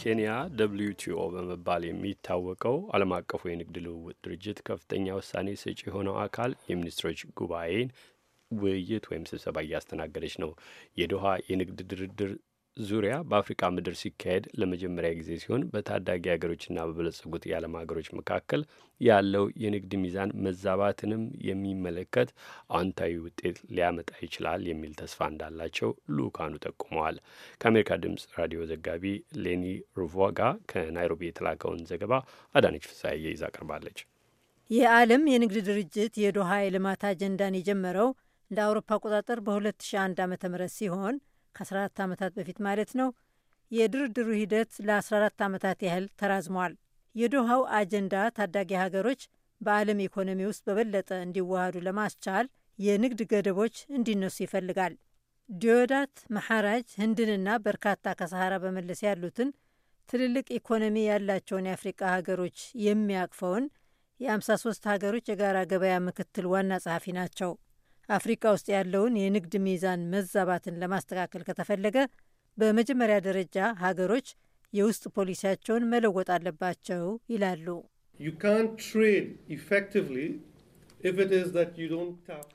ኬንያ ቲኦ በመባል የሚታወቀው ዓለም አቀፉ የንግድ ልውውጥ ድርጅት ከፍተኛ ውሳኔ ሰጪ የሆነው አካል የሚኒስትሮች ጉባኤን ውይይት ወይም ስብሰባ እያስተናገደች ነው። የዶሃ የንግድ ድርድር ዙሪያ በአፍሪካ ምድር ሲካሄድ ለመጀመሪያ ጊዜ ሲሆን በታዳጊ ሀገሮችና በበለጸጉት የዓለም ሀገሮች መካከል ያለው የንግድ ሚዛን መዛባትንም የሚመለከት አዎንታዊ ውጤት ሊያመጣ ይችላል የሚል ተስፋ እንዳላቸው ልኡካኑ ጠቁመዋል። ከአሜሪካ ድምጽ ራዲዮ ዘጋቢ ሌኒ ሩቮጋ ከናይሮቢ የተላከውን ዘገባ አዳነች ፍሳዬ ይዛ ቀርባለች። የዓለም የንግድ ድርጅት የዶሃ የልማት አጀንዳን የጀመረው እንደ አውሮፓ አቆጣጠር በ2001 ዓ ም ሲሆን ከ14 ዓመታት በፊት ማለት ነው። የድርድሩ ሂደት ለ14 ዓመታት ያህል ተራዝሟል። የዶሃው አጀንዳ ታዳጊ ሀገሮች በዓለም ኢኮኖሚ ውስጥ በበለጠ እንዲዋሃዱ ለማስቻል የንግድ ገደቦች እንዲነሱ ይፈልጋል። ዲዮዳት መሐራጅ ህንድንና በርካታ ከሰሐራ በመለስ ያሉትን ትልልቅ ኢኮኖሚ ያላቸውን የአፍሪቃ ሀገሮች የሚያቅፈውን የ53 ሀገሮች የጋራ ገበያ ምክትል ዋና ጸሐፊ ናቸው። አፍሪካ ውስጥ ያለውን የንግድ ሚዛን መዛባትን ለማስተካከል ከተፈለገ በመጀመሪያ ደረጃ ሀገሮች የውስጥ ፖሊሲያቸውን መለወጥ አለባቸው ይላሉ።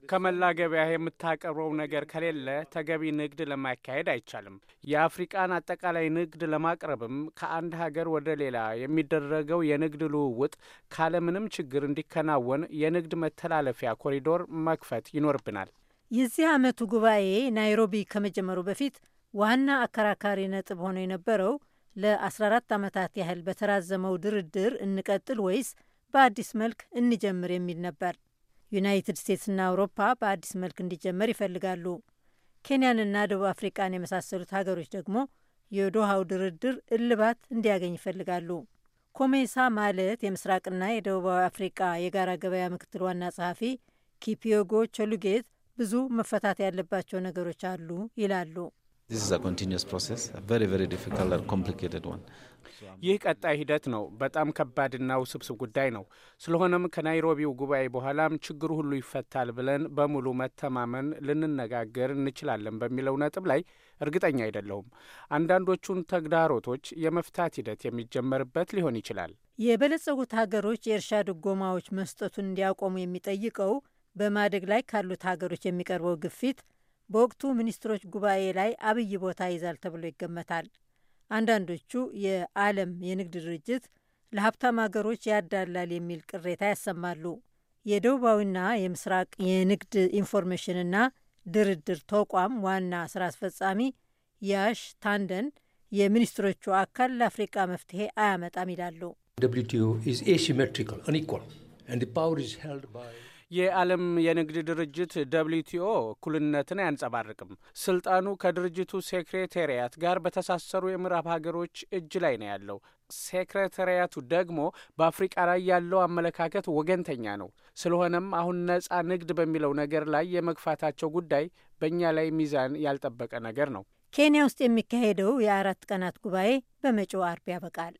ከመላ ገበያ የምታቀርበው ነገር ከሌለ ተገቢ ንግድ ለማካሄድ አይቻልም። የአፍሪቃን አጠቃላይ ንግድ ለማቅረብም ከአንድ ሀገር ወደ ሌላ የሚደረገው የንግድ ልውውጥ ካለምንም ችግር እንዲከናወን የንግድ መተላለፊያ ኮሪዶር መክፈት ይኖርብናል። የዚህ ዓመቱ ጉባኤ ናይሮቢ ከመጀመሩ በፊት ዋና አከራካሪ ነጥብ ሆኖ የነበረው ለ14 ዓመታት ያህል በተራዘመው ድርድር እንቀጥል ወይስ በአዲስ መልክ እንጀምር የሚል ነበር። ዩናይትድ ስቴትስና አውሮፓ በአዲስ መልክ እንዲጀመር ይፈልጋሉ። ኬንያንና ደቡብ አፍሪቃን የመሳሰሉት ሀገሮች ደግሞ የዶሃው ድርድር እልባት እንዲያገኝ ይፈልጋሉ። ኮሜሳ ማለት የምስራቅና የደቡባዊ አፍሪቃ የጋራ ገበያ ምክትል ዋና ጸሐፊ ኪፒዮጎ ቾሉጌት ብዙ መፈታት ያለባቸው ነገሮች አሉ ይላሉ። ይህ ቀጣይ ሂደት ነው። በጣም ከባድና ውስብስብ ጉዳይ ነው። ስለሆነም ከናይሮቢው ጉባኤ በኋላም ችግሩ ሁሉ ይፈታል ብለን በሙሉ መተማመን ልንነጋገር እንችላለን በሚለው ነጥብ ላይ እርግጠኛ አይደለሁም። አንዳንዶቹን ተግዳሮቶች የመፍታት ሂደት የሚጀመርበት ሊሆን ይችላል። የበለጸጉት ሀገሮች የእርሻ ድጎማዎች መስጠቱን እንዲያቆሙ የሚጠይቀው በማደግ ላይ ካሉት ሀገሮች የሚቀርበው ግፊት በወቅቱ ሚኒስትሮች ጉባኤ ላይ አብይ ቦታ ይዛል ተብሎ ይገመታል። አንዳንዶቹ የዓለም የንግድ ድርጅት ለሀብታም አገሮች ያዳላል የሚል ቅሬታ ያሰማሉ። የደቡባዊና የምስራቅ የንግድ ኢንፎርሜሽንና ድርድር ተቋም ዋና ስራ አስፈጻሚ ያሽ ታንደን የሚኒስትሮቹ አካል ለአፍሪቃ መፍትሄ አያመጣም ይላሉ። የዓለም የንግድ ድርጅት ደብሊውቲኦ እኩልነትን አያንጸባርቅም። ስልጣኑ ከድርጅቱ ሴክሬታሪያት ጋር በተሳሰሩ የምዕራብ ሀገሮች እጅ ላይ ነው ያለው። ሴክሬታሪያቱ ደግሞ በአፍሪቃ ላይ ያለው አመለካከት ወገንተኛ ነው። ስለሆነም አሁን ነጻ ንግድ በሚለው ነገር ላይ የመግፋታቸው ጉዳይ በእኛ ላይ ሚዛን ያልጠበቀ ነገር ነው። ኬንያ ውስጥ የሚካሄደው የአራት ቀናት ጉባኤ በመጪው አርብ ያበቃል።